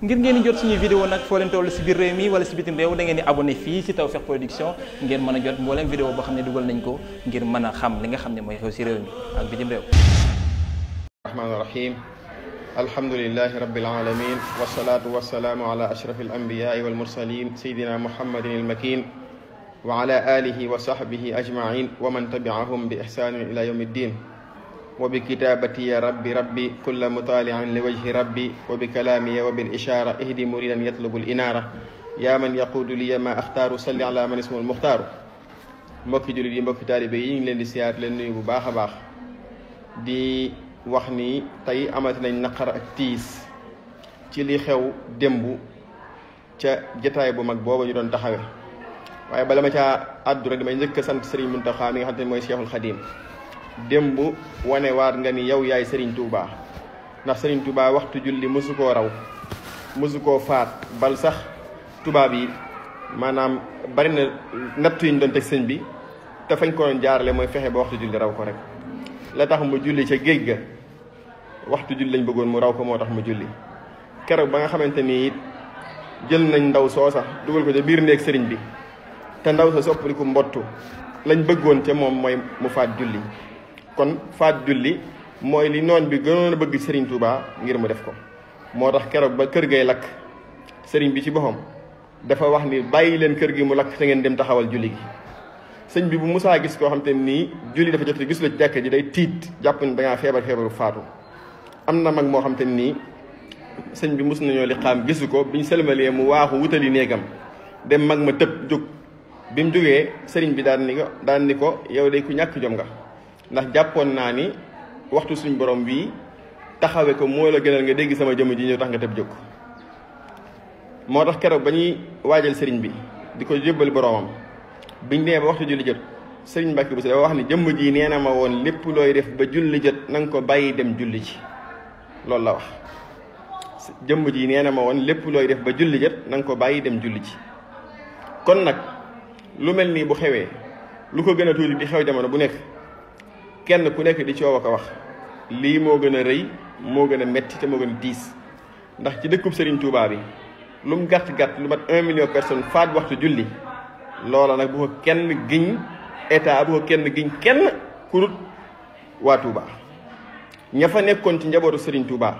ngir ngeen di jot suñuy vidéo nag foo leen toll si biir réew mi wala si bitim réew da ngeen di abonné fii si Tawfekh Production ngeen mën a jot mbooleem vidéo boo xam ne dugal nañ ko ngir mën a xam li nga xam ne mooy xew si réew mi ak bitim réew rahmaani rahim alhamdulilahi rabbil alamin wasalaatu wasalaamu ala ashrafi al anbiyaai wal mursalin sayidina muhammadin al makin wa ala alihi wa sahbihi ajmain wa man tabiahum bi ihsanin ila yawmi ddin wa bi kitaabati ya rabbi rabbi kulla mutaalian li wajhi rabbi wa bi kalaami ya wa bil ishaara ihdi muridan yatlubul inaara yaa man yaquudu li ma axtaaru salli ala man ismul muxtaaru mbokki jullit yi mbokki taalibe yi ñu leen di siyaar leen nuyu bu baax a baax di wax ni tey amati nañ naqar ak tiis ci li xew démb ca jataay bu mag boobu ñu doon taxawe waaye bala ma caa àddu rek damay njëkk sant Serigne Mountakha mi nga xam te mooy Cheikhul Khadim démb wanewaat nga ni yow yaay Serigne Touba ndax Serigne Touba waxtu julli mosu koo raw mosu koo faat bal sax tubaab yi maanaam bari na natt yi ñu doon sëñ bi te fañ ko doon jaarale mooy fexe ba waxtu julli raw ko rek. la tax mu julli ca géej ga waxtu julli lañ bëggoon mu raw ko moo tax mu julli keroog ba nga xamante ni jël nañ ndaw soosa dugal ko ca biir néeg sëriñ bi te ndaw sa soppaliku mbott lañ bëggoon ca moom mooy mu faat julli. kon faat julli mooy li noon bi gënoon a bëgg Serigne Touba ngir mu def ko moo tax keroog ba kër gay lakk sëriñ bi ci boppam dafa wax ni bàyyi leen kër gi mu lakk te ngeen dem taxawal julli gi sëñ bi bu musaa gis koo xam te nii julli dafa jot gis la jàkk ji day tiit jàpp ni da ngaa feebar feebaru faatu am na mag moo xam te nii sëñ bi mos nañoo li xaam gisu ko ñu selmalee mu waaxu wutali néegam dem mag ma tëb jóg bi mu jógee sëriñ bi daan ni ko daan ko yow day ku ñàkk ndax jàppoon naa ni waxtu suñu borom wii taxawe ko moo la gënal nga dégg sama jëmm ji ñëw tax nga tëb jóg moo tax keroog ba ñuy waajal sëriñ bi di ko jébbal boroomam biñ nee ba waxtu julli jot sëriñ Mbàkke bu si dafa wax ni jëmm ji nee na ma woon lépp looy def ba julli jot na nga ko bàyyi dem julli ji loolu la wax jëmm ji nee na ma woon lépp looy def ba julli jot na ko bàyyi dem julli ji kon nag lu mel nii bu xewee lu ko gën a tuuti di xew jamono bu nekk kenn ku nekk di coow ak a wax lii moo gën a rëy moo gën a metti te moo gën a diis ndax ci dëkkub sëriñ Touba bi lu mu gàtt gàtt lu mat un million personne faat waxtu julli loola nag bu ko kenn giñ état bu ko kenn giñ kenn kurut waa Touba nekkoon ci njabootu Serigne Touba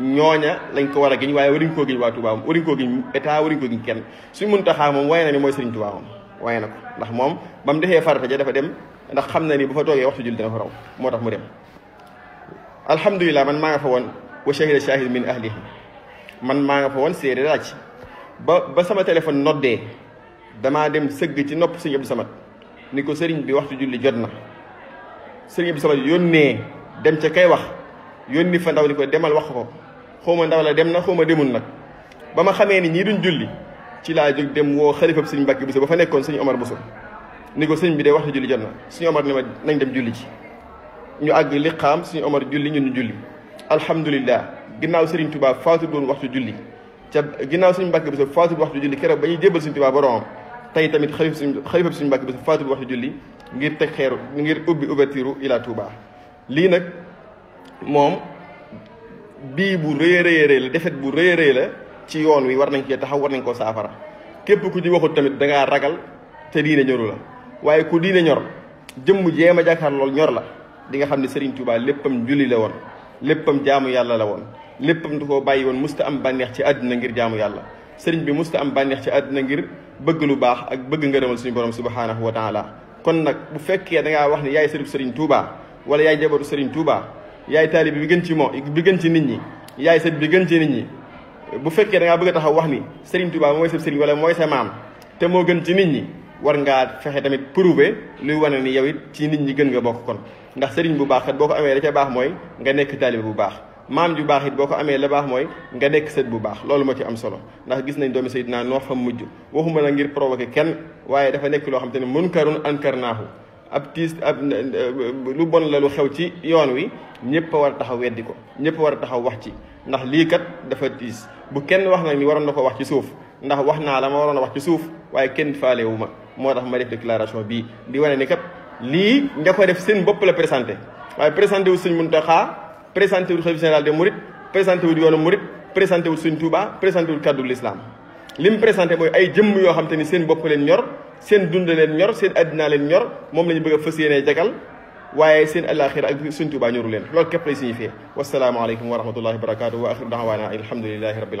ñooña lañ ko war a giñ waaye wariñ koo giñ waa Touba moom wariñ koo giñ état wariñ koo giñ kenn suñ mun taxaa moom waaye na ni mooy Serigne Touba moom waaye na ko ndax moom ba mu defee farata ja dafa dem ndax xam na ni bu fa toogee waxtu julli dana fa raw moo tax mu dem alhamdulilah man maa nga fa woon wa shahida shahid min ahlihi man maa nga fa woon séeré laaj ba ba sama téléphone noddee damaa dem sëgg ci nopp sëriñ Abdou Samad ni ko sëriñ bi waxtu julli jot na sëriñ Abdou Samad yónnee dem ca kay wax yónni fa ndaw ni ko demal wax ko xaw ma ndaw la dem na xaw ma demul nag ba ma xamee ni ñii duñ julli ci laa jóg dem woo xalifab sëriñ Mbàkke Buso ba fa nekkoon sëriñ Omar Buso ni ko sëñ bi dee waxtu julli jot na suñu omar ni ma nañ dem julli ci ñu àgg li suñu omar julli ñun ñu julli alhamdulilah ginnaaw sëriñ tubaa faatu doon waxtu julli ca ginnaaw suñu mbàkke bi sa faatu waxtu julli ba ñuy jébbal suñu tubaa boromam tey tamit xalifa suñu xalifa suñu mbàkke bi sa faatu waxtu julli ngir teg xeeru ngir ubbi ouverture ila touba lii nag moom bii bu rëy rëy rëy la defet bu rëyee rëy la ci yoon wi war nañ cee taxaw war nañ koo saafara képp ku ci waxul tamit dangaa ragal te diine ñoru la waaye ku diine ñor jëmm jéem a jàkkaar lool ñor la dinga xam ne Serigne Touba léppam julli la woon léppam jaamu yàlla la woon léppam du ko bàyyi woon musta am bànneex ci àdduna ngir jaamu yàlla sëriñ bi musta am bànneex ci àdduna ngir bëgg lu baax ak bëgg nga ngërëmal suñu borom subhaanahu wa taala kon nag bu fekkee da ngaa wax ne yaay sërib Serigne Touba wala yaay jabaru sëriñ Touba yaay taalib bi gën ci moo bi gën ci nit ñi yaay sët bi gën ci nit ñi bu fekkee da ngaa bëgg a wax ni Serigne Touba mooy sa wala mooy sa te moo gën ci nit ñi war ngaa fexe tamit prouver luy wane ni yow it ci nit ñi gën nga bokk kon ndax sëriñ bu baax kat boo ko amee la ca baax mooy nga nekk taalibe bu baax maam ju baax it boo ko amee la baax mooy nga nekk sët bu baax loolu moo ci am solo ndax gis nañ doomi Seydina Noox fa mujj waxuma la ngir provoquer kenn waaye dafa nekk loo xam te ne munkarun ankarnaahu ab tiis ab lu bon la lu xew ci yoon wi ñëpp a war a taxaw weddi ko ñëpp war a taxaw wax ci ndax lii kat dafa tiis bu kenn wax nag ni waroon na ko wax ci suuf ndax wax naa la ma waroon wax ci suuf waaye kenn faalewu ma moo tax ma def déclaration bii di wane ni kat lii nga ko def seen bopp la présenté waaye présenté wu Sëñ Muntaxa présenté wul xalifa général des Mourides présenté wul yoonu Mouride présenté wul Sëñ Tuuba présenté wul kàddu l'islam li mu présenté mooy ay jëmm yoo xam te ni seen bopp leen ñor seen dund leen ñor seen addinaa leen ñor moom la ñu bëgg a fas yéenee jagal waaye seen alaxira ak Sëñ Tuuba ñoru leen loolu képp lay signifié wasalaamualeykum wa rahmatullahi wa barakaatu wa axiru daawaana alhamdulilahi rabbil